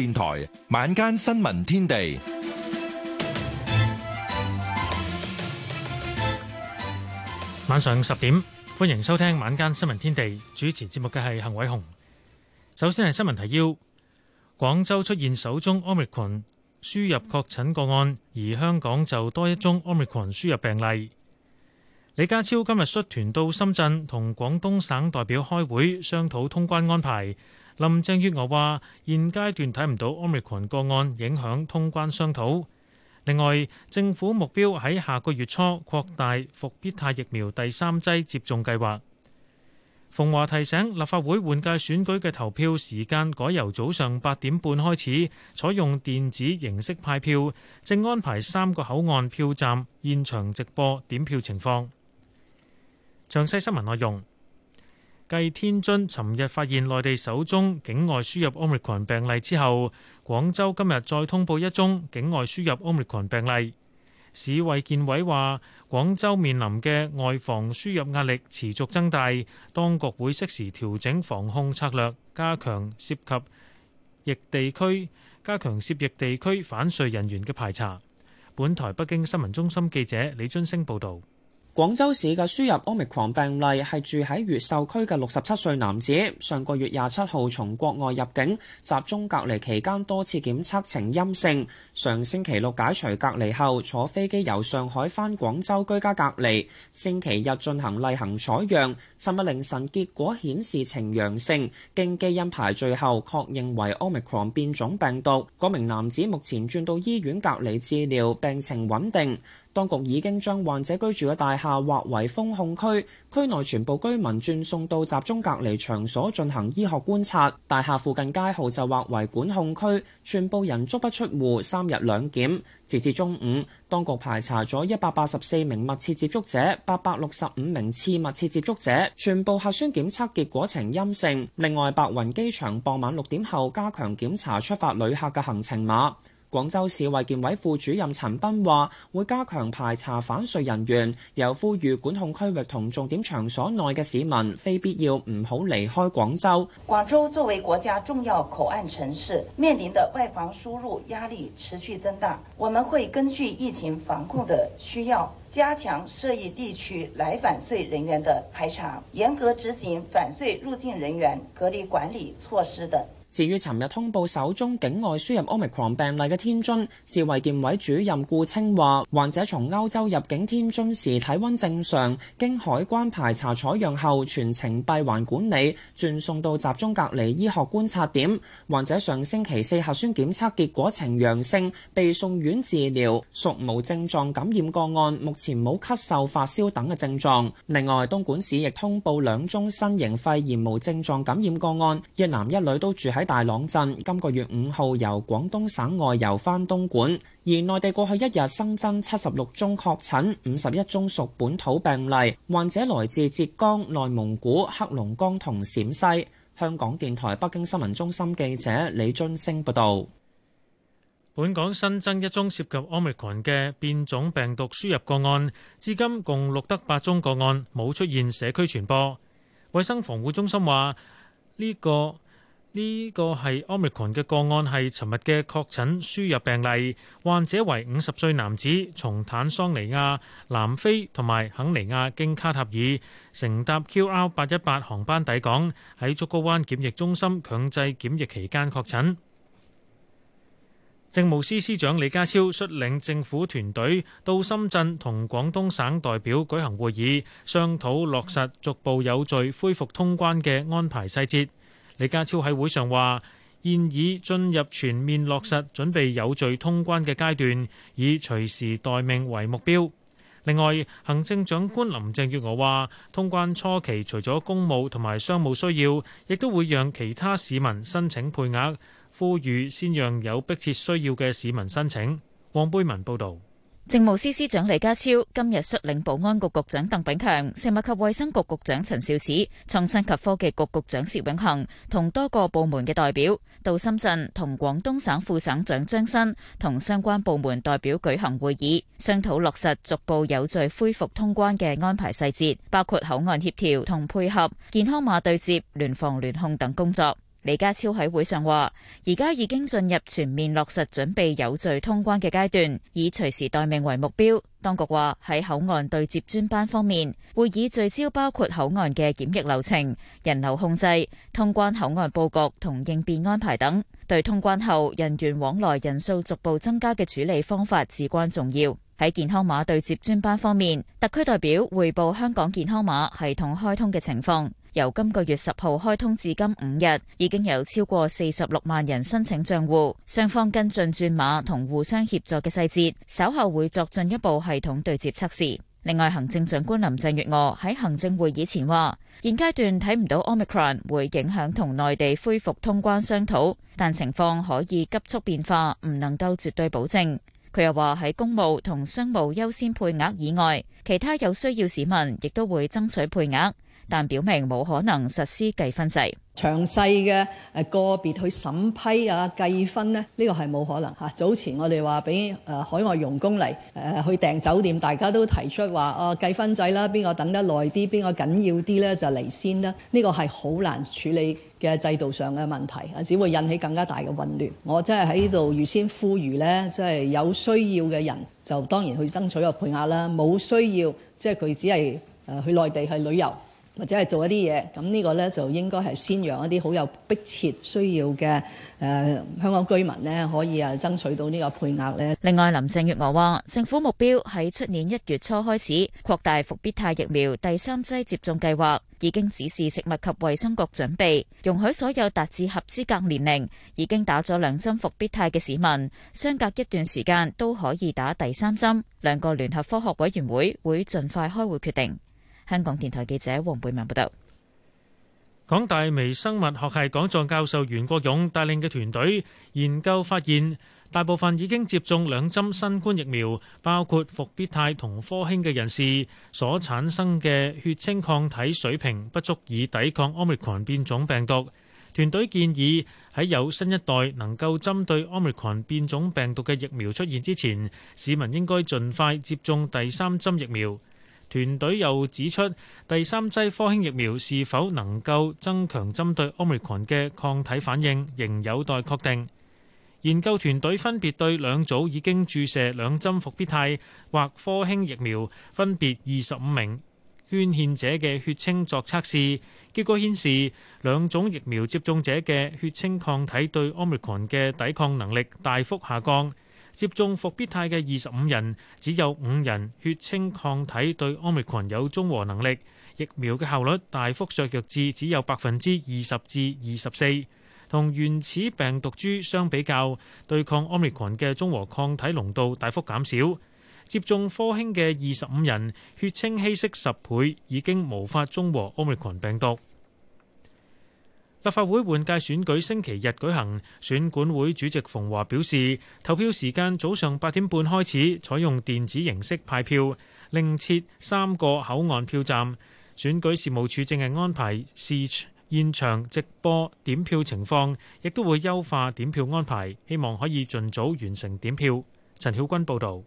電台晚，晚間新聞天地，晚上十點歡迎收聽晚間新聞天地。主持節目嘅係邢偉雄。首先係新聞提要：廣州出現首宗 Omicron 輸入確診個案，而香港就多一宗 Omicron 輸入病例。李家超今日率團到深圳同廣東省代表開會，商討通關安排。林鄭月娥話：現階段睇唔到 Omicron 個案影響通關商討。另外，政府目標喺下個月初擴大復必泰疫苗第三劑接種計劃。馮華提醒立法會換屆選舉嘅投票時間改由早上八點半開始，採用電子形式派票，正安排三個口岸票站現場直播點票情況。詳細新聞內容。繼天津尋日發現內地首宗境外輸入 Omicron 病例之後，廣州今日再通報一宗境外輸入 Omicron 病例。市衛健委話，廣州面臨嘅外防輸入壓力持續增大，當局會適時調整防控策略，加強涉及疫地區加強涉疫地區返穗人員嘅排查。本台北京新聞中心記者李津升報道。廣州市嘅輸入 Omicron 病例係住喺越秀區嘅六十七歲男子，上個月廿七號從國外入境，集中隔離期間多次檢測呈陰性，上星期六解除隔離後坐飛機由上海返廣州居家隔離，星期日進行例行採樣，尋日凌晨結果顯示呈陽性，經基因排序後確認為 Omicron 變種病毒。嗰名男子目前轉到醫院隔離治療，病情穩定。當局已經將患者居住嘅大廈劃為封控區，區內全部居民轉送到集中隔離場所進行醫學觀察。大廈附近街號就劃為管控區，全部人足不出戶，三日兩檢。截至中午，當局排查咗一百八十四名密切接觸者，八百六十五名次密切接觸者，全部核酸檢測結果呈陰性。另外，白雲機場傍晚六點後加強檢查出發旅客嘅行程碼。廣州市衛健委副主任陳斌話，會加強排查返穗人員，又呼籲管控區域同重點場所內嘅市民，非必要唔好離開廣州。廣州作為國家重要口岸城市，面臨的外防輸入壓力持續增大。我們會根據疫情防控的需要，加強涉疫地區來返穗人員的排查，嚴格執行返穗入境人員隔離管理措施等。至於尋日通報首宗境外輸入奧密克戎病例嘅天津，市衞健委主任顧清話，患者從歐洲入境天津時體温正常，經海關排查採樣後全程閉環管理，轉送到集中隔離醫學觀察點。患者上星期四核酸檢測結果呈陽性，被送院治療，屬無症狀感染個案，目前冇咳嗽、發燒等嘅症狀。另外，東莞市亦通報兩宗新型肺炎無症狀感染個案，一男一女都住喺喺大朗鎮，今個月五號由廣東省外遊翻東莞，而內地過去一日新增七十六宗確診，五十一宗屬本土病例，患者來自浙江、內蒙古、黑龍江同陝西。香港電台北京新聞中心記者李津升報道。本港新增一宗涉及 Omicron 嘅變種病毒輸入個案，至今共錄得八宗個案，冇出現社區傳播。衛生防護中心話呢個。呢個係 Omicron 嘅個案，係尋日嘅確診輸入病例，患者為五十歲男子，從坦桑尼亞、南非、同埋肯尼亞經卡塔爾乘搭 QR 八一八航班抵港，喺竹篙灣檢疫中心強制檢疫期間確診。政務司司長李家超率領政府團隊到深圳同廣東省代表舉行會議，商討落實逐步有序恢復通關嘅安排細節。李家超喺會上話：現已進入全面落實、準備有序通關嘅階段，以隨時待命為目標。另外，行政長官林鄭月娥話：通關初期，除咗公務同埋商務需要，亦都會讓其他市民申請配額，呼籲先讓有迫切需要嘅市民申請。黃貝文報導。政務司司長李家超今日率領保安局局長鄧炳強、食物及衛生局局長陳肇始、創新及科技局局長薛永恆同多個部門嘅代表到深圳，同廣東省副省長張新，同相關部門代表舉行會議，商討落實逐步有序恢復通關嘅安排細節，包括口岸協調同配合健康碼對接、聯防聯控等工作。李家超喺會上話，而家已經進入全面落實準備有序通關嘅階段，以隨時待命為目標。當局話喺口岸對接專班方面，會議聚焦包括口岸嘅檢疫流程、人流控制、通關口岸佈局同應變安排等，對通關後人員往來人數逐步增加嘅處理方法至關重要。喺健康碼對接專班方面，特區代表匯報香港健康碼系統開通嘅情況。由今個月十號開通至今五日，已經有超過四十六萬人申請帳戶。雙方跟進轉碼同互相協助嘅細節，稍後會作進一步系統對接測試。另外，行政長官林鄭月娥喺行政會議前話：現階段睇唔到 Omicron 會影響同內地恢復通關商討，但情況可以急速變化，唔能夠絕對保證。佢又話喺公務同商務優先配額以外，其他有需要市民亦都會爭取配額。但表明冇可能實施計分制，詳細嘅誒個別去審批啊，計分呢，呢個係冇可能吓。早前我哋話俾誒海外傭工嚟誒、啊、去訂酒店，大家都提出話哦、啊、計分制啦，邊個等得耐啲，邊個緊要啲咧就嚟先啦。呢個係好難處理嘅制度上嘅問題，啊，只會引起更加大嘅混亂。我真係喺度預先呼籲咧，即、就、係、是、有需要嘅人就當然去爭取個配額啦。冇需要即係佢只係誒去內地去旅遊。或者係做一啲嘢，咁呢個呢，就應該係先讓一啲好有迫切需要嘅誒、呃、香港居民呢，可以啊爭取到呢個配額呢。另外，林鄭月娥話：政府目標喺出年一月初開始擴大復必泰疫苗第三劑接種計劃，已經指示食物及衛生局準備容許所有達至合資格年齡已經打咗兩針復必泰嘅市民，相隔一段時間都可以打第三針。兩個聯合科學委員會會，會盡快開會決定。香港電台記者黃貝文報道，港大微生物學系講座教授袁國勇帶領嘅團隊研究發現，大部分已經接種兩針新冠疫苗，包括復必泰同科興嘅人士，所產生嘅血清抗體水平不足以抵抗 Omicron 變種病毒。團隊建議喺有新一代能夠針對 Omicron 變種病毒嘅疫苗出現之前，市民應該盡快接種第三針疫苗。團隊又指出，第三劑科興疫苗是否能夠增強針對 Omicron 嘅抗體反應，仍有待確定。研究團隊分別對兩組已經注射兩針復必泰或科興疫苗，分別二十五名捐獻者嘅血清作測試，結果顯示兩種疫苗接種者嘅血清抗體對 Omicron 嘅抵抗能力大幅下降。接種復必泰嘅二十五人，只有五人血清抗體對 Omicron 有中和能力，疫苗嘅效率大幅削弱至只有百分之二十至二十四，同原始病毒株相比較，對抗 Omicron 嘅中和抗體濃度大幅減少。接種科興嘅二十五人血清稀釋十倍，已經無法中和 Omicron 病毒。立法會換屆選舉星期日舉行，選管會主席馮華表示，投票時間早上八點半開始，採用電子形式派票，另設三個口岸票站。選舉事務處正係安排視現場直播點票情況，亦都會優化點票安排，希望可以盡早完成點票。陳曉君報道。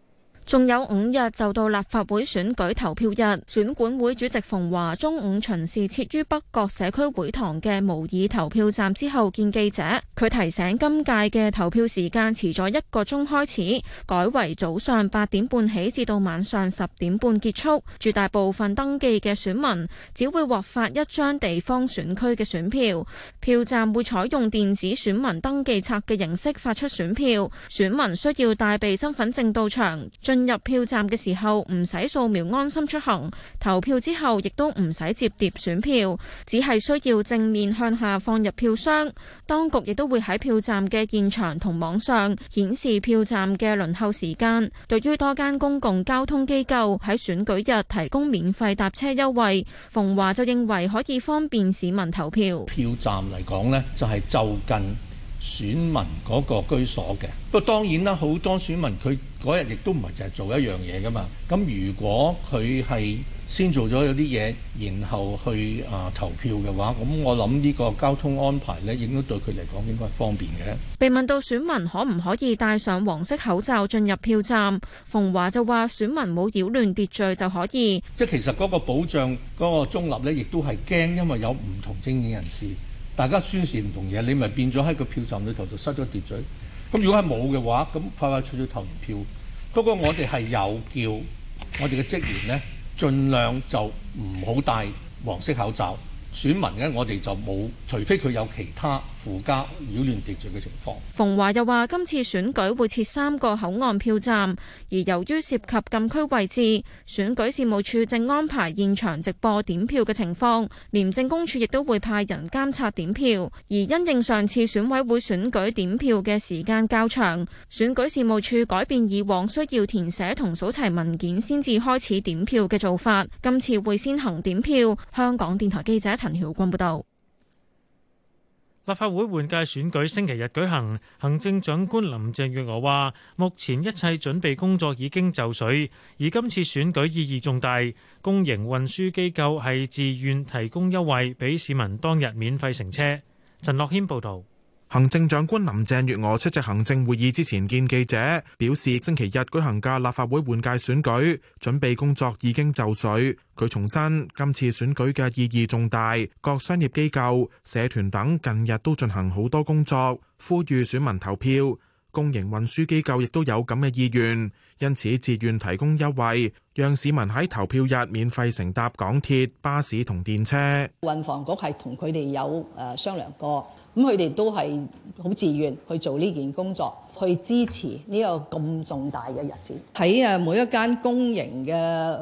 仲有五日就到立法會選舉投票日，選管會主席馮華中午巡視設於北角社區會堂嘅模擬投票站之後見記者，佢提醒今屆嘅投票時間遲咗一個鐘開始，改為早上八點半起至到晚上十點半結束。絕大部分登記嘅選民只會獲發一張地方選區嘅選票，票站會採用電子選民登記冊嘅形式發出選票，選民需要帶備身份證到場。進入票站嘅時候唔使掃描安心出行，投票之後亦都唔使摺疊選票，只係需要正面向下放入票箱。當局亦都會喺票站嘅現場同網上顯示票站嘅輪候時間。對於多間公共交通機構喺選舉日提供免費搭車優惠，馮華就認為可以方便市民投票。票站嚟講呢，就係就近。選民嗰個居所嘅，不過當然啦，好多選民佢嗰日亦都唔係淨係做一樣嘢噶嘛。咁如果佢係先做咗有啲嘢，然後去啊投票嘅話，咁我諗呢個交通安排呢，應該對佢嚟講應該係方便嘅。被問到選民可唔可以戴上黃色口罩進入票站，馮華就話選民冇擾亂秩序就可以。即係其實嗰個保障嗰個中立呢，亦都係驚，因為有唔同政見人士。大家宣示唔同嘢，你咪變咗喺個票站裏頭就失咗秩序。咁如果係冇嘅話，咁快快脆脆投完票。不過我哋係有叫我哋嘅職員咧，儘量就唔好戴黃色口罩。選民咧，我哋就冇，除非佢有其他。附加擾亂秩序嘅情況。馮華又話：今次選舉會設三個口岸票站，而由於涉及禁區位置，選舉事務處正安排現場直播點票嘅情況。廉政公署亦都會派人監察點票。而因應上次選委會選舉點票嘅時間較長，選舉事務處改變以往需要填寫同數齊文件先至開始點票嘅做法，今次會先行點票。香港電台記者陳曉君報道。立法會換屆選舉星期日舉行，行政長官林鄭月娥話：目前一切準備工作已經就緒，而今次選舉意義重大。公營運輸機構係自願提供優惠，俾市民當日免費乘車。陳樂謙報道。行政長官林鄭月娥出席行政會議之前見記者，表示星期日舉行嘅立法會換屆選舉準備工作已經就緒。佢重申，今次選舉嘅意義重大，各商業機構、社團等近日都進行好多工作，呼籲選民投票。公營運輸機構亦都有咁嘅意願，因此自願提供優惠，讓市民喺投票日免費乘搭港鐵、巴士同電車。運房局係同佢哋有誒商量過。咁佢哋都係好自願去做呢件工作，去支持呢個咁重大嘅日子。喺誒每一間公營嘅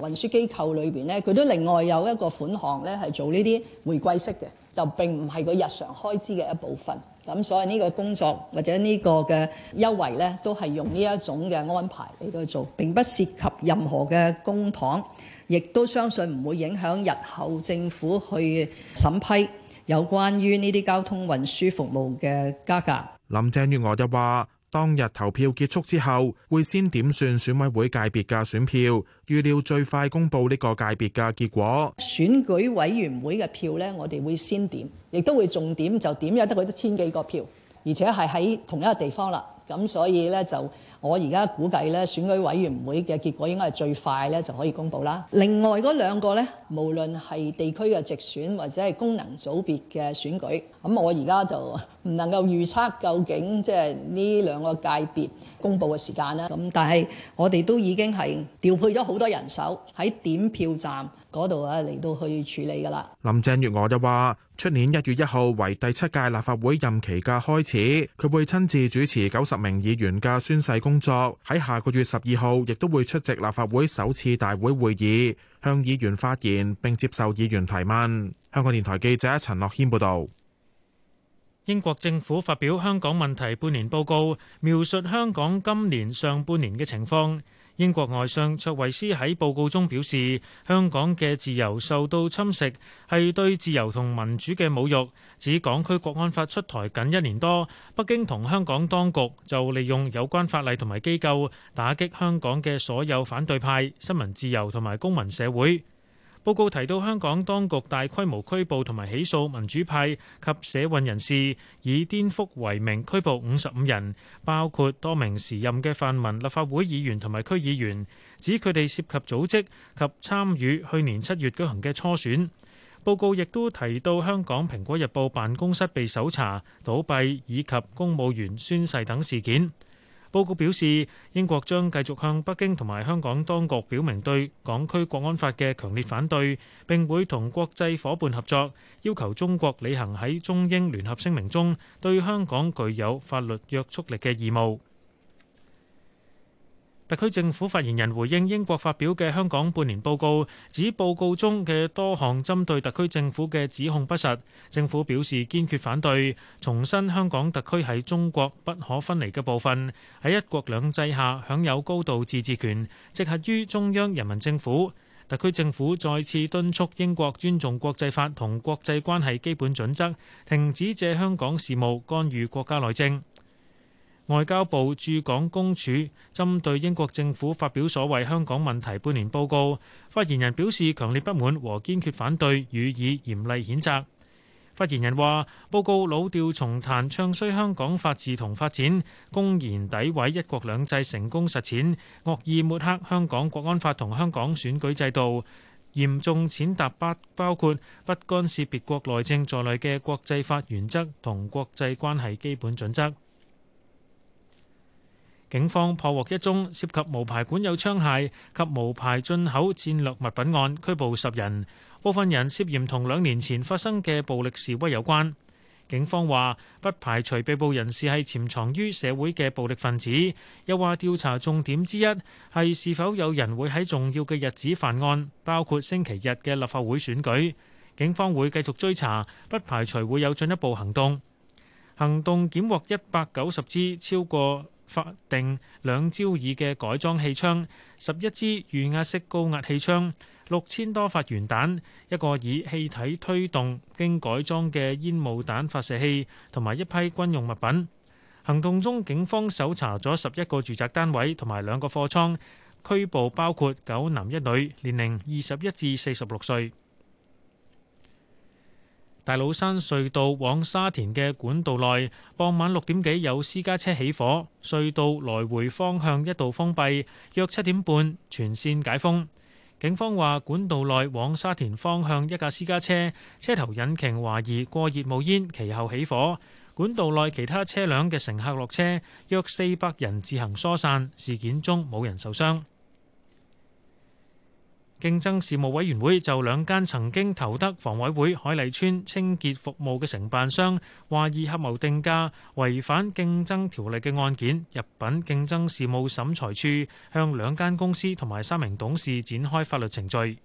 運輸機構裏邊咧，佢都另外有一個款項咧，係做呢啲回饋式嘅，就並唔係佢日常開支嘅一部分。咁所以呢個工作或者個呢個嘅優惠咧，都係用呢一種嘅安排嚟到做，並不涉及任何嘅公帑，亦都相信唔會影響日後政府去審批。有關於呢啲交通運輸服務嘅加價，林鄭月娥就話當日投票結束之後會先點算選委會界別嘅選票，預料最快公布呢個界別嘅結果。選舉委員會嘅票咧，我哋會先點亦都會重點就點有得佢一千幾個票，而且係喺同一個地方啦，咁所以咧就。我而家估計呢，選舉委員會嘅結果應該係最快呢就可以公布啦。另外嗰兩個呢，無論係地區嘅直選或者係功能組別嘅選舉，咁我而家就。唔能夠預測究竟即係呢兩個界別公佈嘅時間啦。咁但係我哋都已經係調配咗好多人手喺點票站嗰度啊，嚟到去處理㗎啦。林鄭月娥就話：出年一月一號為第七屆立法會任期嘅開始，佢會親自主持九十名議員嘅宣誓工作。喺下個月十二號，亦都會出席立法會首次大會會議，向議員發言並接受議員提問。香港電台記者陳樂軒報導。英國政府發表香港問題半年報告，描述香港今年上半年嘅情況。英國外相卓維斯喺報告中表示，香港嘅自由受到侵蝕，係對自由同民主嘅侮辱。指港區國安法出台僅一年多，北京同香港當局就利用有關法例同埋機構打擊香港嘅所有反對派、新聞自由同埋公民社會。報告提到，香港當局大規模拘捕同埋起訴民主派及社運人士，以顛覆為名拘捕五十五人，包括多名時任嘅泛民立法會議員同埋區議員，指佢哋涉及組織及參與去年七月舉行嘅初選。報告亦都提到，香港《蘋果日報》辦公室被搜查、倒閉以及公務員宣誓等事件。報告表示，英國將繼續向北京同埋香港當局表明對港區國安法嘅強烈反對，並會同國際伙伴合作，要求中國履行喺中英聯合聲明中對香港具有法律約束力嘅義務。特區政府發言人回應英國發表嘅香港半年報告，指報告中嘅多項針對特區政府嘅指控不實。政府表示堅決反對，重申香港特區係中國不可分離嘅部分，喺一國兩制下享有高度自治權，直轄於中央人民政府。特區政府再次敦促英國尊重國際法同國際關係基本準則，停止借香港事務干預國家內政。外交部駐港公署針對英國政府發表所謂香港問題半年報告，發言人表示強烈不滿和堅決反對，予以嚴厲譴責。發言人話：報告老調重彈，唱衰香港法治同發展，公然詆毀一國兩制成功實踐，惡意抹黑香港國安法同香港選舉制度，嚴重踐踏不包括不干涉別國內政在內嘅國際法原則同國際關係基本準則。警方破獲一宗涉及無牌管有槍械及無牌進口戰略物品案，拘捕十人，部分人涉嫌同兩年前發生嘅暴力示威有關。警方話不排除被捕人士係潛藏於社會嘅暴力分子，又話調查重點之一係是是否有人會喺重要嘅日子犯案，包括星期日嘅立法會選舉。警方會繼續追查，不排除會有進一步行動。行動檢獲一百九十支超過法定兩焦耳嘅改裝氣槍、十一支預壓式高壓氣槍、六千多發圓彈、一個以氣體推動經改裝嘅煙霧彈發射器，同埋一批軍用物品。行動中，警方搜查咗十一個住宅單位同埋兩個貨倉，拘捕包括九男一女，年齡二十一至四十六歲。大老山隧道往沙田嘅管道內，傍晚六點幾有私家車起火，隧道來回方向一度封閉，約七點半全線解封。警方話，管道內往沙田方向一架私家車車頭引擎懷疑過熱冒煙，其後起火。管道內其他車輛嘅乘客落車，約四百人自行疏散，事件中冇人受傷。競爭事務委員會就兩間曾經投得房委會海麗邨清潔服務嘅承辦商，話以合謀定價違反競爭條例嘅案件，入稟競爭事務審裁處向兩間公司同埋三名董事展開法律程序。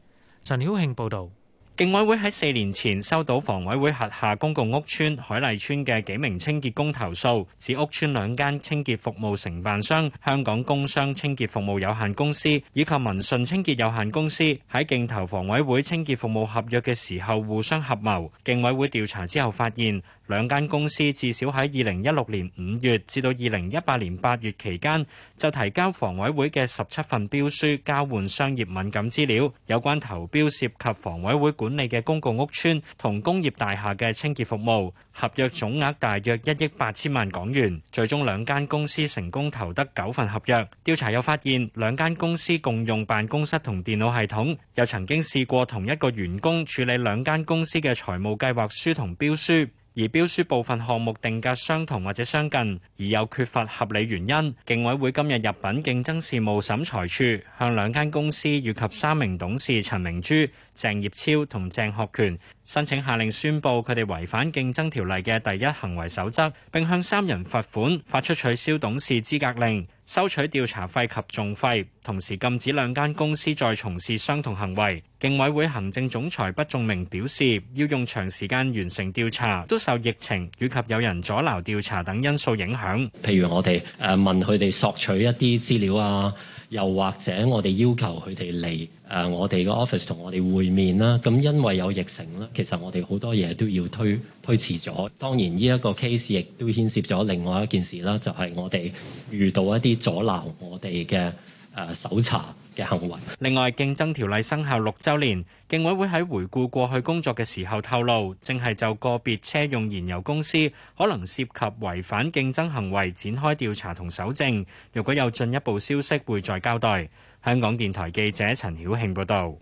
陳曉慶報導。競委會喺四年前收到房委會轄下公共屋邨海麗邨嘅幾名清潔工投訴，指屋邨兩間清潔服務承辦商香港工商清潔服務有限公司以及民信清潔有限公司喺競投房委會清潔服務合約嘅時候互相合謀。競委會調查之後發現。兩間公司至少喺二零一六年五月至到二零一八年八月期間，就提交房委會嘅十七份標書，交換商業敏感資料。有關投標涉及房委會管理嘅公共屋邨同工業大廈嘅清潔服務，合約總額大約一億八千萬港元。最終兩間公司成功投得九份合約。調查又發現，兩間公司共用辦公室同電腦系統，又曾經試過同一個員工處理兩間公司嘅財務計劃書同標書。而標書部分項目定格相同或者相近，而又缺乏合理原因，競委會今日入禀競爭事務審裁處，向兩間公司以及三名董事陳明珠、鄭業超同鄭學權申請下令宣布佢哋違反競爭條例嘅第一行為守則，並向三人罰款、發出取消董事資格令、收取調查費及重費，同時禁止兩間公司再從事相同行為。競委會行政總裁畢仲明表示，要用長時間完成調查，都受疫情以及有人阻撓調查等因素影響。譬如我哋誒、呃、問佢哋索取一啲資料啊。又或者我哋要求佢哋嚟誒我哋嘅 office 同我哋會面啦，咁因為有疫情啦，其實我哋好多嘢都要推推遲咗。當然呢一個 case 亦都牽涉咗另外一件事啦，就係、是、我哋遇到一啲阻撓我哋嘅誒搜查嘅行為。另外，競爭條例生效六週年，競委會喺回顧過去工作嘅時候透露，正係就個別車用燃油公司可能涉及違反競爭行為展開調查同搜證。如果有進一步消息，會再交代。香港電台記者陳曉慶報道。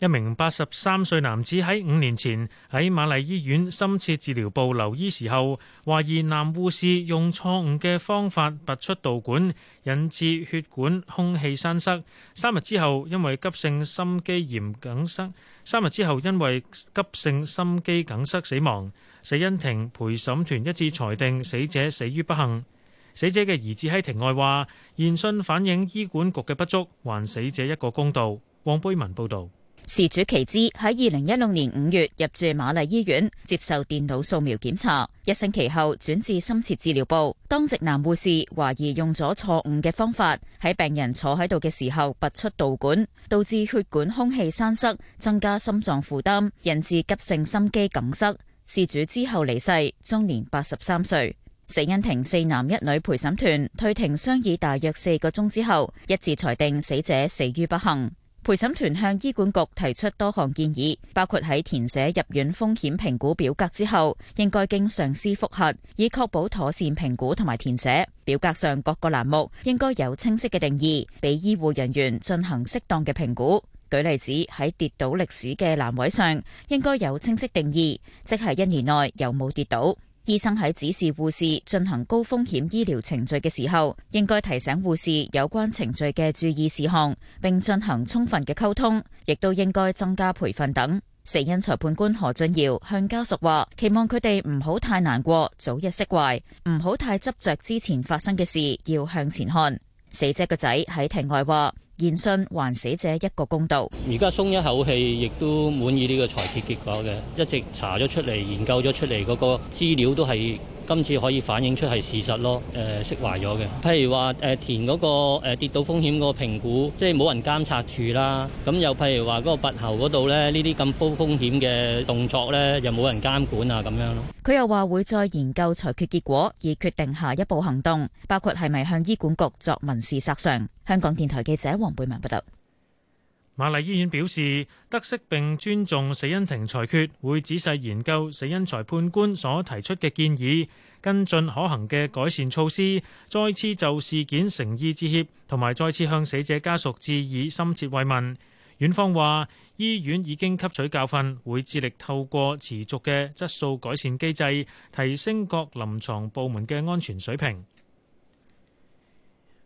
一名八十三歲男子喺五年前喺瑪麗醫院深切治療部留醫時候，懷疑男護士用錯誤嘅方法拔出導管，引致血管空氣栓塞。三日之後，因為急性心肌炎梗塞，三日之後因為急性心肌梗塞死亡。死因庭陪，陪審團一致裁定死者死於不幸。死者嘅兒子喺庭外話，研訊反映醫管局嘅不足，還死者一個公道。黃貝文報道。事主其之喺二零一六年五月入住瑪麗醫院接受電腦掃描檢查，一星期後轉至深切治療部。當值男護士懷疑用咗錯誤嘅方法喺病人坐喺度嘅時候拔出導管，導致血管空氣栓塞，增加心臟負擔，引致急性心肌梗塞。事主之後離世，終年八十三歲。死因庭四男一女陪審團退庭商議大約四個鐘之後，一致裁定死者死於不幸。陪審團向醫管局提出多項建議，包括喺填寫入院風險評估表格之後，應該經上司覆核，以確保妥善評估同埋填寫。表格上各個欄目應該有清晰嘅定義，俾醫護人員進行適當嘅評估。舉例子，喺跌倒歷史嘅欄位上，應該有清晰定義，即係一年內有冇跌倒。醫生喺指示護士進行高風險醫療程序嘅時候，應該提醒護士有關程序嘅注意事項，並進行充分嘅溝通，亦都應該增加培訓等。死因裁判官何俊堯向家屬話，期望佢哋唔好太難過，早日釋懷，唔好太執着之前發生嘅事，要向前看。死者個仔喺庭外話。聆訊還死者一個公道。而家鬆一口氣，亦都滿意呢個裁決結果嘅。一直查咗出嚟，研究咗出嚟嗰個資料都係。今次可以反映出係事實咯，誒，釋懷咗嘅。譬如話誒填嗰個跌倒風險個評估，即係冇人監察住啦。咁又譬如話嗰個拔喉嗰度咧，呢啲咁高風險嘅動作咧，又冇人監管啊，咁樣咯。佢又話會再研究裁決結果，而決定下一步行動，包括係咪向醫管局作民事索償。香港電台記者黃貝文報道。瑪麗醫院表示，得悉並尊重死因庭裁決，會仔細研究死因裁判官所提出嘅建議，跟進可行嘅改善措施，再次就事件誠意致歉，同埋再次向死者家屬致以深切慰問。院方話，醫院已經吸取教訓，會致力透過持續嘅質素改善機制，提升各臨床部門嘅安全水平。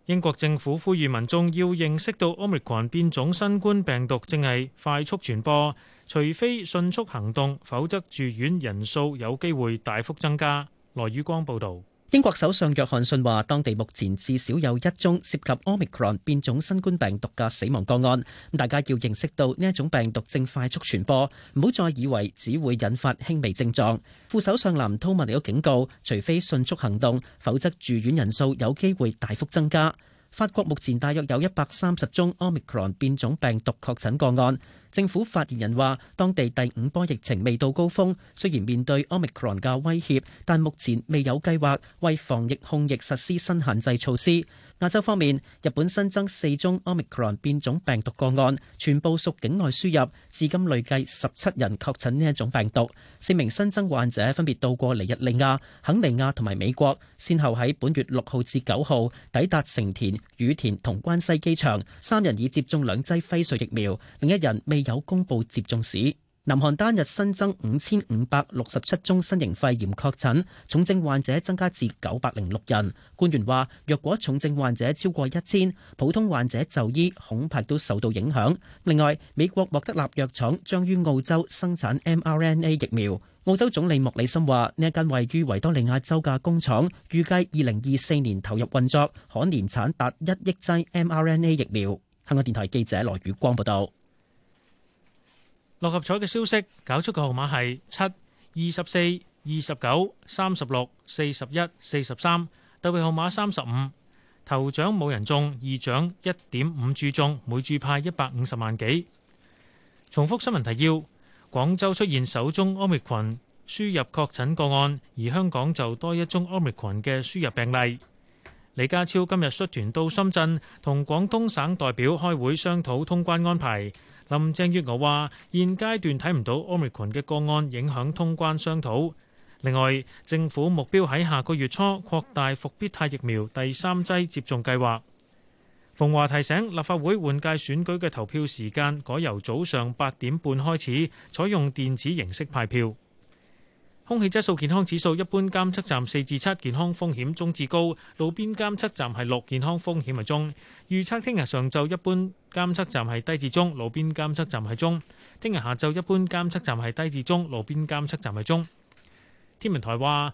英國政府呼籲民眾要認識到 Omicron 變種新冠病毒正係快速傳播，除非迅速行動，否則住院人數有機會大幅增加。羅宇光報導。英國首相約翰遜話：當地目前至少有一宗涉及 Omicron 變種新冠病毒嘅死亡個案。咁大家要認識到呢一種病毒正快速傳播，唔好再以為只會引發輕微症狀。副首相藍韜文嚟咗，警告，除非迅速行動，否則住院人數有機會大幅增加。法國目前大約有一百三十宗 Omicron 變種病毒確診個案。政府發言人話，當地第五波疫情未到高峰，雖然面對 Omicron 嘅威脅，但目前未有計劃為防疫控疫實施新限制措施。亞洲方面，日本新增四宗 Omicron 變種病毒個案，全部屬境外輸入，至今累計十七人確診呢一種病毒。四名新增患者分別到過尼日利亞、肯尼亞同埋美國，先後喺本月六號至九號抵達成田、羽田同關西機場，三人已接種兩劑輝瑞疫苗，另一人未有公布接種史。南韓單日新增五千五百六十七宗新型肺炎確診，重症患者增加至九百零六人。官員話：若果重症患者超過一千，普通患者就醫恐怕都受到影響。另外，美國莫德納藥廠將於澳洲生產 mRNA 疫苗。澳洲總理莫里森話：呢一間位於維多利亞州嘅工廠，預計二零二四年投入運作，可年產達一億劑 mRNA 疫苗。香港電台記者羅宇光報道。六合彩嘅消息，搞出個號碼係七、二十四、二十九、三十六、四十一、四十三，特別號碼三十五。頭獎冇人中，二獎一點五注中，每注派一百五十萬幾。重複新聞提要：廣州出現首宗 Omicron 輸入確診個案，而香港就多一宗 Omicron 嘅輸入病例。李家超今日率團到深圳同廣東省代表開會商討通關安排。林鄭月娥話：現階段睇唔到 Omicron 嘅個案影響通關商討。另外，政府目標喺下個月初擴大復必泰疫苗第三劑接種計劃。馮華提醒立法會換屆選舉嘅投票時間改由早上八點半開始，採用電子形式派票。空氣質素健康指數一般監測站四至七，健康風險中至高；路邊監測站係六，健康風險係中。預測聽日上晝一般監測站係低至中，路邊監測站係中；聽日下晝一般監測站係低至中，路邊監測站係中。天文台話，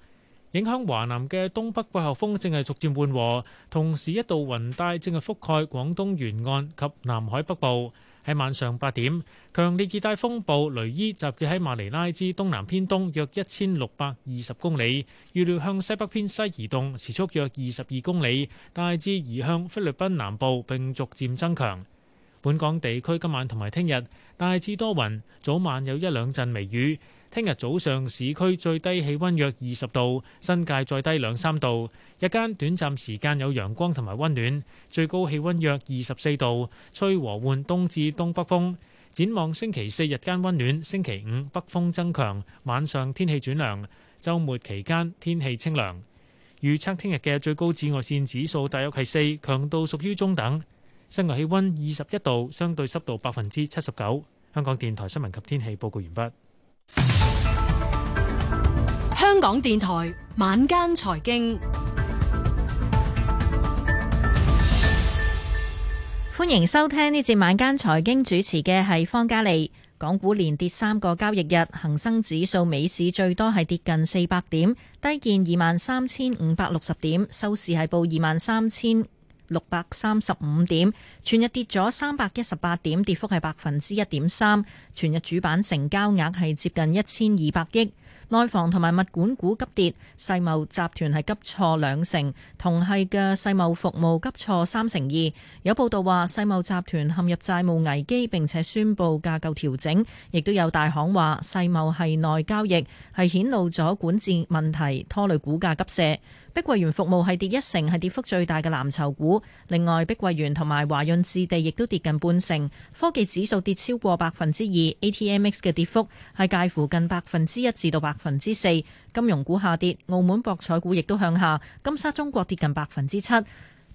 影響華南嘅東北季候風正係逐漸緩和，同時一道雲帶正係覆蓋廣東沿岸及南海北部。喺晚上八點，強烈熱帶風暴雷伊集結喺馬尼拉之東南偏東約一千六百二十公里，預料向西北偏西移動，時速約二十二公里，大致移向菲律賓南部並逐漸增強。本港地區今晚同埋聽日大致多雲，早晚有一兩陣微雨。聽日早上市區最低氣温約二十度，新界再低兩三度。日間短暫時間有陽光同埋温暖，最高氣温約二十四度，吹和緩東至東北風。展望星期四日間温暖，星期五北風增強，晚上天氣轉涼。週末期間天氣清涼。預測聽日嘅最高紫外線指數大約係四，強度屬於中等。室外氣温二十一度，相對濕度百分之七十九。香港電台新聞及天氣報告完畢。港電台晚間財經，歡迎收聽呢節晚間財經主持嘅係方嘉利。港股連跌三個交易日，恒生指數、美市最多係跌近四百點，低見二萬三千五百六十點，收市係報二萬三千六百三十五點，全日跌咗三百一十八點，跌幅係百分之一點三。全日主板成交額係接近一千二百億。內房同埋物管股急跌，世茂集團係急挫兩成，同係嘅世茂服務急挫三成二。有報道話世茂集團陷入債務危機，並且宣布架構調整。亦都有大行話世茂係內交易，係顯露咗管治問題，拖累股價急瀉。碧桂園服務係跌一成，係跌幅最大嘅藍籌股。另外，碧桂園同埋華潤置地亦都跌近半成。科技指數跌超過百分之二，ATMX 嘅跌幅係介乎近百分之一至到百分之四。金融股下跌，澳門博彩股亦都向下。金沙中國跌近百分之七。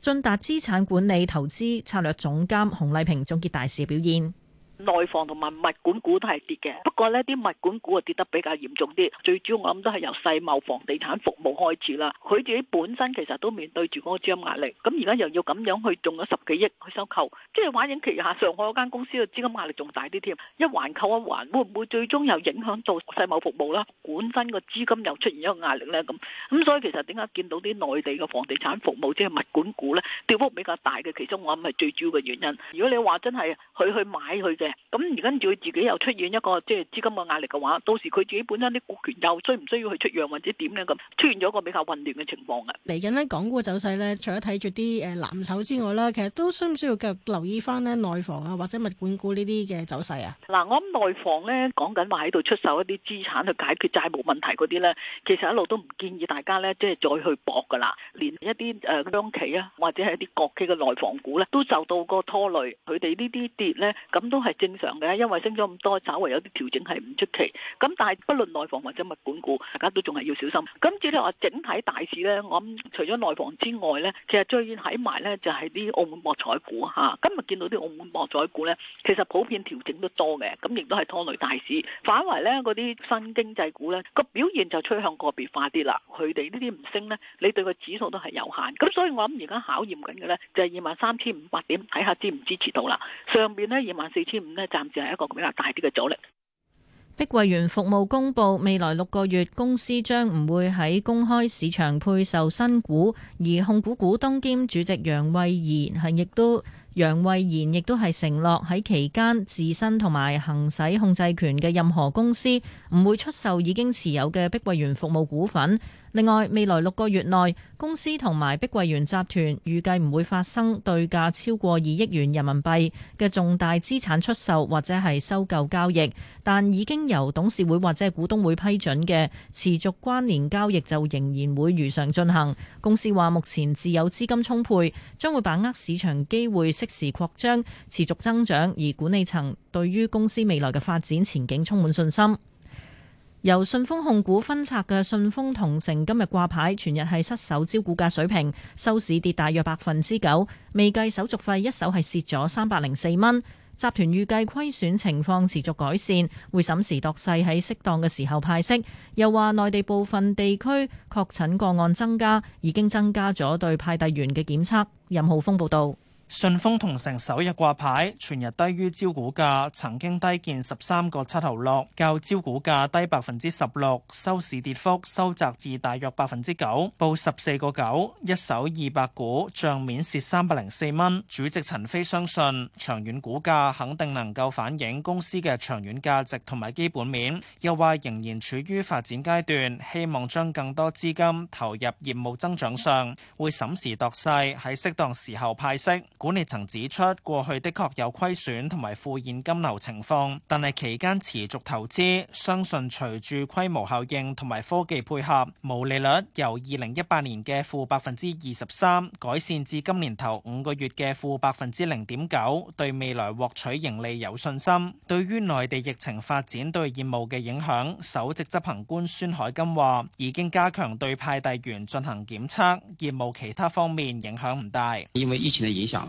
駿達資產管理投資策略總監洪麗萍總結大市表現。內房同埋物管股都係跌嘅，不過呢啲物管股啊跌得比較嚴重啲。最主要我諗都係由世茂房地產服務開始啦，佢自己本身其實都面對住嗰個資金壓力，咁而家又要咁樣去中咗十幾億去收購，即係反映旗下上海嗰間公司嘅資金壓力仲大啲添。一環扣一環，會唔會最終又影響到世茂服務啦？本身個資金又出現一個壓力呢。咁咁所以其實點解見到啲內地嘅房地產服務即係物管股呢，跌幅比較大嘅？其中我諗係最主要嘅原因。如果你話真係佢去，去買佢嘅。咁而跟住佢自己又出現一個即係資金嘅壓力嘅話，到時佢自己本身啲股權又需唔需要去出讓或者點樣咁，出現咗一個比較混亂嘅情況嘅。嚟緊咧，港股走勢咧，除咗睇住啲誒藍籌之外啦，其實都需唔需要繼續留意翻咧內房啊或者物管股呢啲嘅走勢啊？嗱，啊，我諗內房咧講緊話喺度出售一啲資產去解決債務問題嗰啲咧，其實一路都唔建議大家咧即係再去搏噶啦。連一啲誒央企啊或者係一啲國企嘅內房股咧，都受到個拖累，佢哋呢啲跌咧，咁都係。正常嘅，因為升咗咁多，稍為有啲調整係唔出奇。咁但係不論內房或者物管股，大家都仲係要小心。咁至於話整體大市呢，我諗除咗內房之外呢，其實最睇埋呢就係啲澳門博彩股嚇。今日見到啲澳門博彩股呢，其實普遍調整都多嘅，咁亦都係拖累大市。反為呢，嗰啲新經濟股呢，個表現就趨向個別化啲啦。佢哋呢啲唔升呢，你對個指數都係有限。咁所以我諗而家考驗緊嘅呢，就係二萬三千五百點，睇下支唔支持到啦。上邊呢，二萬四千。咁咧，暫時係一個比較大啲嘅阻力。碧桂園服務公佈未來六個月，公司將唔會喺公開市場配售新股，而控股股東兼主席楊惠妍係亦都楊惠妍亦都係承諾喺期間自身同埋行使控制權嘅任何公司，唔會出售已經持有嘅碧桂園服務股份。另外，未來六個月內，公司同埋碧桂園集團預計唔會發生對價超過二億元人民幣嘅重大資產出售或者係收購交易，但已經由董事會或者係股東會批准嘅持續關聯交易就仍然會如常進行。公司話目前自有資金充沛，將會把握市場機會，適時擴張，持續增長。而管理層對於公司未來嘅發展前景充滿信心。由順豐控股分拆嘅順豐同城今日掛牌，全日係失手招股價水平，收市跌大約百分之九，未計手續費，一手係蝕咗三百零四蚊。集團預計虧損情況持續改善，會審時度勢喺適當嘅時候派息。又話內地部分地區確診個案增加，已經增加咗對派遞員嘅檢測。任浩峰報道。順豐同城首日掛牌，全日低於招股價，曾經低見十三個七毫六，較招股價低百分之十六，收市跌幅收窄至大約百分之九，報十四個九，一手二百股，賬面蝕三百零四蚊。主席陳飛相信，長遠股價肯定能夠反映公司嘅長遠價值同埋基本面，又話仍然處於發展階段，希望將更多資金投入業務增長上，會審時度勢喺適當時候派息。管理層指出，過去的確有虧損同埋負現金流情況，但係期間持續投資，相信隨住規模效應同埋科技配合，毛利率由二零一八年嘅負百分之二十三改善至今年頭五個月嘅負百分之零點九，對未來獲取盈利有信心。對於內地疫情發展對業務嘅影響，首席執行官孫海金話，已經加強對派遞員進行檢測，業務其他方面影響唔大。因為疫情嘅影響。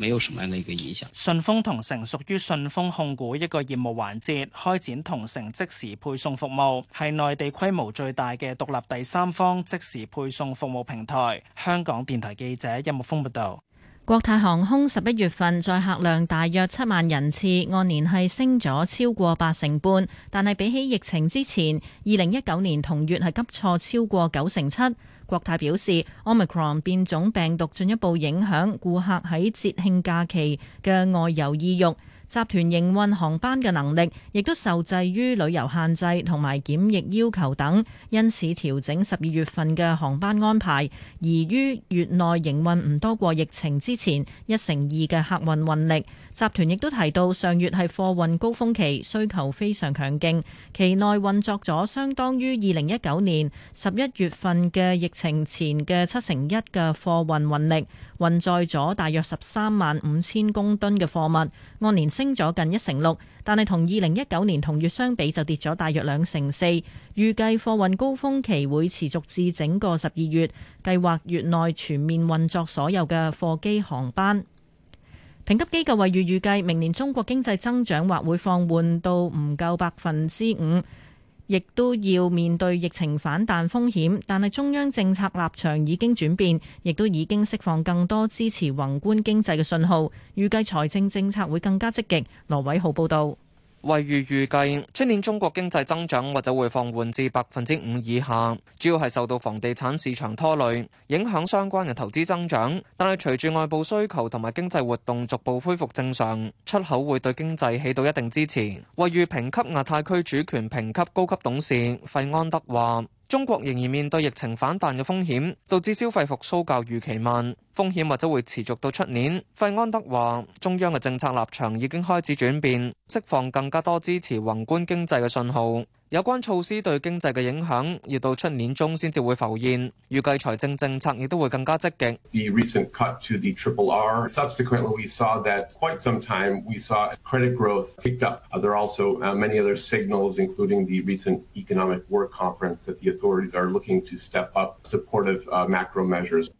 沒有什麼樣的一個影響。順豐同城屬於順豐控股一個業務環節，開展同城即時配送服務，係內地規模最大嘅獨立第三方即時配送服務平台。香港電台記者任木峰報道。國泰航空十一月份載客量大約七萬人次，按年係升咗超過八成半，但係比起疫情之前，二零一九年同月係急挫超過九成七。國泰表示，Omicron 變種病毒進一步影響顧客喺節慶假期嘅外遊意欲，集團營運航班嘅能力亦都受制於旅遊限制同埋檢疫要求等，因此調整十二月份嘅航班安排，而於月內營運唔多過疫情之前一成二嘅客運運力。集團亦都提到，上月係貨運高峰期，需求非常強勁，期內運作咗相當於二零一九年十一月份嘅疫情前嘅七成一嘅貨運運力，運載咗大約十三萬五千公噸嘅貨物，按年升咗近一成六，但係同二零一九年同月相比就跌咗大約兩成四。預計貨運高峰期會持續至整個十二月，計劃月內全面運作所有嘅貨機航班。評級機構惠譽預計，明年中國經濟增長或會放緩到唔夠百分之五，亦都要面對疫情反彈風險。但係中央政策立場已經轉變，亦都已經釋放更多支持宏觀經濟嘅信號。預計財政政策會更加積極。羅偉豪報道。惠譽預計，出年中國經濟增長或者會放緩至百分之五以下，主要係受到房地產市場拖累，影響相關嘅投資增長。但係隨住外部需求同埋經濟活動逐步恢復正常，出口會對經濟起到一定支持。惠譽評級亞太區主權評級高級董事費安德話，中國仍然面對疫情反彈嘅風險，導致消費復甦較預期慢，風險或者會持續到出年。費安德話，中央嘅政策立場已經開始轉變，釋放更加多支持宏觀經濟嘅信號。有關措施對經濟嘅影響，要到出年中先至會浮現。預計財政政策亦都會更加積極。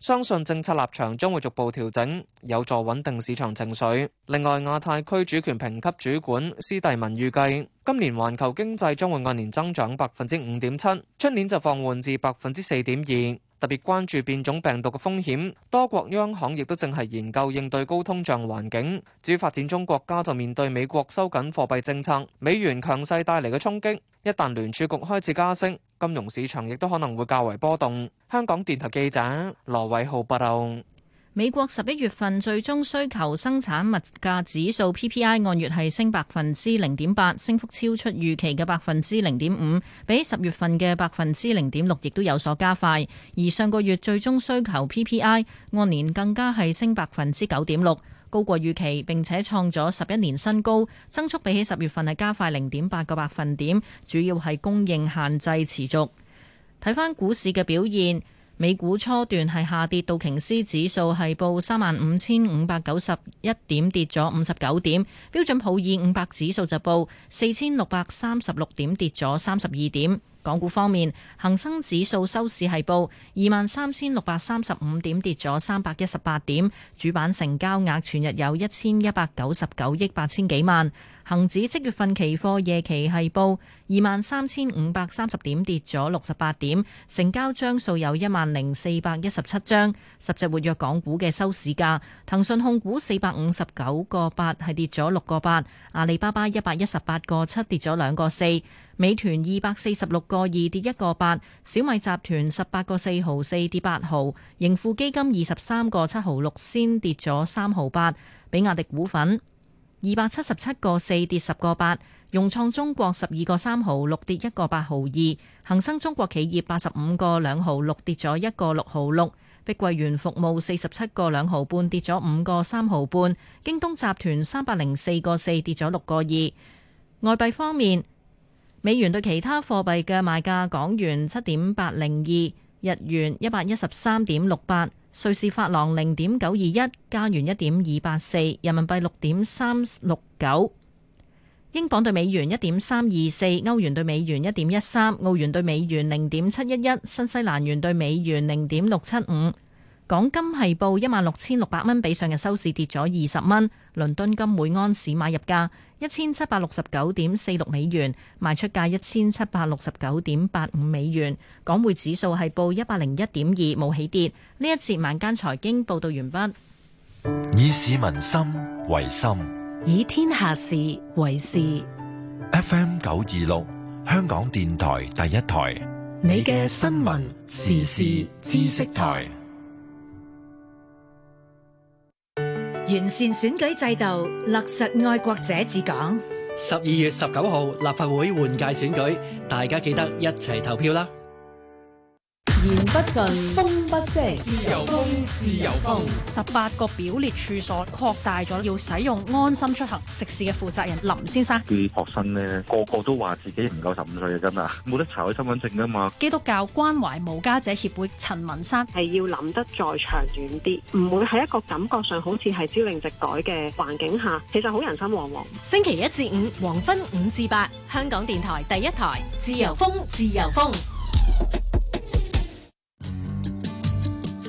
相信政策立場將會逐步調整，有助穩定市場情緒。另外，亞太區主權評級主管斯蒂文預計，今年環球經濟將會按年增長百分之五點七，出年就放緩至百分之四點二。特別關注變種病毒嘅風險，多國央行亦都正係研究應對高通脹環境。至於發展中國家就面對美國收緊貨幣政策、美元強勢帶嚟嘅衝擊，一旦聯儲局開始加息，金融市場亦都可能會較為波動。香港電台記者羅偉浩報道。美國十一月份最終需求生產物價指數 PPI 按月係升百分之零點八，升幅超出預期嘅百分之零點五，比十月份嘅百分之零點六亦都有所加快。而上個月最終需求 PPI 按年更加係升百分之九點六。高過預期，並且創咗十一年新高，增速比起十月份係加快零點八個百分點，主要係供應限制持續。睇返股市嘅表現，美股初段係下跌，道瓊斯指數係報三萬五千五百九十一點，跌咗五十九點；標準普爾五百指數就報四千六百三十六點，跌咗三十二點。港股方面，恒生指數收市係報二萬三千六百三十五點，跌咗三百一十八點。主板成交額全日有一千一百九十九億八千幾萬。恒指即月份期貨夜期係報二萬三千五百三十點，跌咗六十八點，成交張數有一萬零四百一十七張。十隻活躍港股嘅收市價，騰訊控股四百五十九個八係跌咗六個八，阿里巴巴一百一十八個七跌咗兩個四。美團二百四十六個二跌一個八，小米集團十八個四毫四跌八毫，盈富基金二十三個七毫六先跌咗三毫八，比亞迪股份二百七十七個四跌十個八，融創中國十二個三毫六跌一個八毫二，恒生中國企業八十五個兩毫六跌咗一個六毫六，碧桂園服務四十七個兩毫半跌咗五個三毫半，京東集團三百零四個四跌咗六個二，外幣方面。美元對其他貨幣嘅賣價：港元七點八零二，日元一百一十三點六八，瑞士法郎零點九二一，加元一點二八四，人民幣六點三六九，英鎊對美元一點三二四，歐元對美元一點一三，澳元對美元零點七一一，新西蘭元對美元零點六七五。港金係報一萬六千六百蚊，比上日收市跌咗二十蚊。倫敦金每安士買入價一千七百六十九點四六美元，賣出價一千七百六十九點八五美元。港匯指數係報一百零一點二，冇起跌。呢一節晚間財經報道完畢。以市民心為心，以天下事為事。F M 九二六，香港電台第一台，你嘅新聞時事知識台。完善選舉制度，落實愛國者治港。十二月十九號立法會換屆選舉，大家記得一齊投票啦！言不盡，風不息。自由風，自由風。十八個表列處所擴大咗，要使用安心出行食肆嘅負責人林先生。啲學生呢，個個都話自己唔夠十五歲啊，真啊，冇得查佢身份證噶嘛。基督教關懷無家者協會陳文山係要諗得再長遠啲，唔會喺一個感覺上好似係朝令夕改嘅環境下，其實好人心惶惶。星期一至五黃昏五至八，香港電台第一台，自由風，自由風。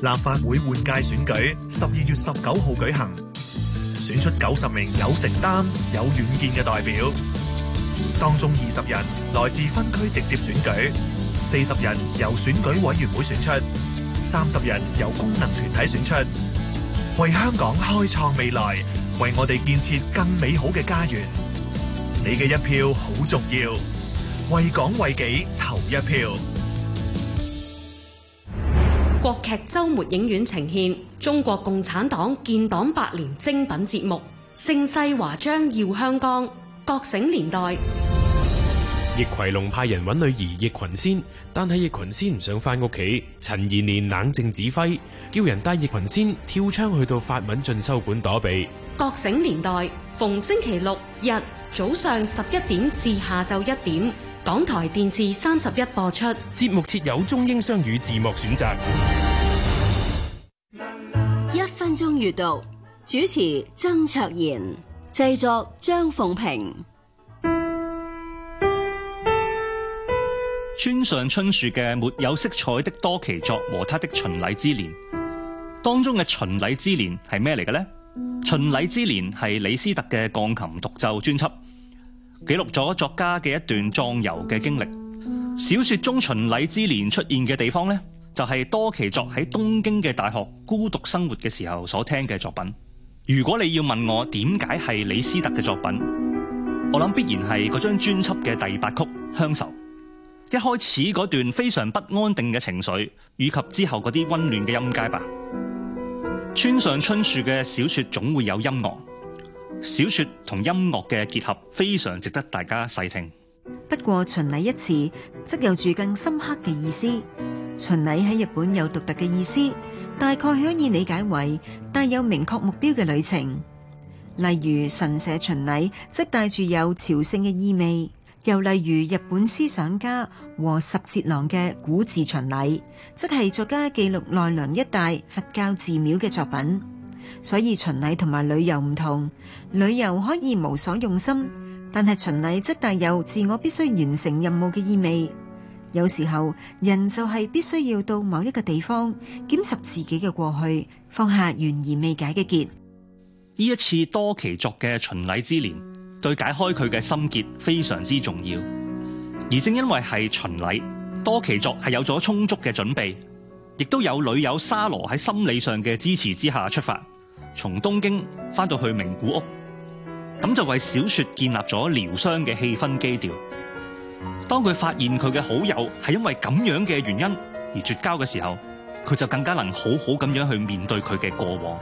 立法會換屆選舉十二月十九號舉行，選出九十名有承擔、有遠見嘅代表。當中二十人來自分區直接選舉，四十人由選舉委員會選出，三十人由功能團體選出。為香港開創未來，為我哋建設更美好嘅家園，你嘅一票好重要，為港為己投一票。國劇周末影院呈現中國共產黨建黨百年精品節目《盛世華章耀香江》，覺醒年代。易葵龍派人揾女兒易群仙，但係易群仙唔想翻屋企。陳延年冷靜指揮，叫人帶易群仙跳窗去到法文進修館躲避。覺醒年代逢星期六日早上十一點至下晝一點。港台電視三十一播出節目設有中英雙語字幕選擇。一分鐘閱讀，主持曾卓然，製作張鳳平。村上春樹嘅《沒有色彩的多崎作》和他的《巡禮之年》，當中嘅《巡禮之年》係咩嚟嘅呢？《巡禮之年》係李斯特嘅鋼琴獨奏專輯。記錄咗作家嘅一段壯遊嘅經歷。小說中巡禮之年出現嘅地方呢，就係、是、多崎作喺東京嘅大學孤獨生活嘅時候所聽嘅作品。如果你要問我點解係李斯特嘅作品，我諗必然係嗰張專輯嘅第八曲《鄉愁》。一開始嗰段非常不安定嘅情緒，以及之後嗰啲溫暖嘅音階吧。村上春樹嘅小說總會有音樂。小說同音樂嘅結合非常值得大家細聽。不過巡禮一詞，則有住更深刻嘅意思。巡禮喺日本有獨特嘅意思，大概可以理解為帶有明確目標嘅旅程。例如神社巡禮，則帶住有朝聖嘅意味；又例如日本思想家和辻哲郎嘅古寺巡禮，則係作家記錄奈良一帶佛教寺廟嘅作品。所以巡禮同埋旅遊唔同，旅遊可以無所用心，但係巡禮則帶有自我必須完成任務嘅意味。有時候，人就係必須要到某一個地方，撿拾自己嘅過去，放下懸而未解嘅結。呢一次多崎作嘅巡禮之年，對解開佢嘅心結非常之重要。而正因為係巡禮，多崎作係有咗充足嘅準備，亦都有女友沙羅喺心理上嘅支持之下出發。從東京返到去名古屋，咁就為小說建立咗療傷嘅氣氛基調。當佢發現佢嘅好友係因為咁樣嘅原因而絕交嘅時候，佢就更加能好好咁樣去面對佢嘅過往。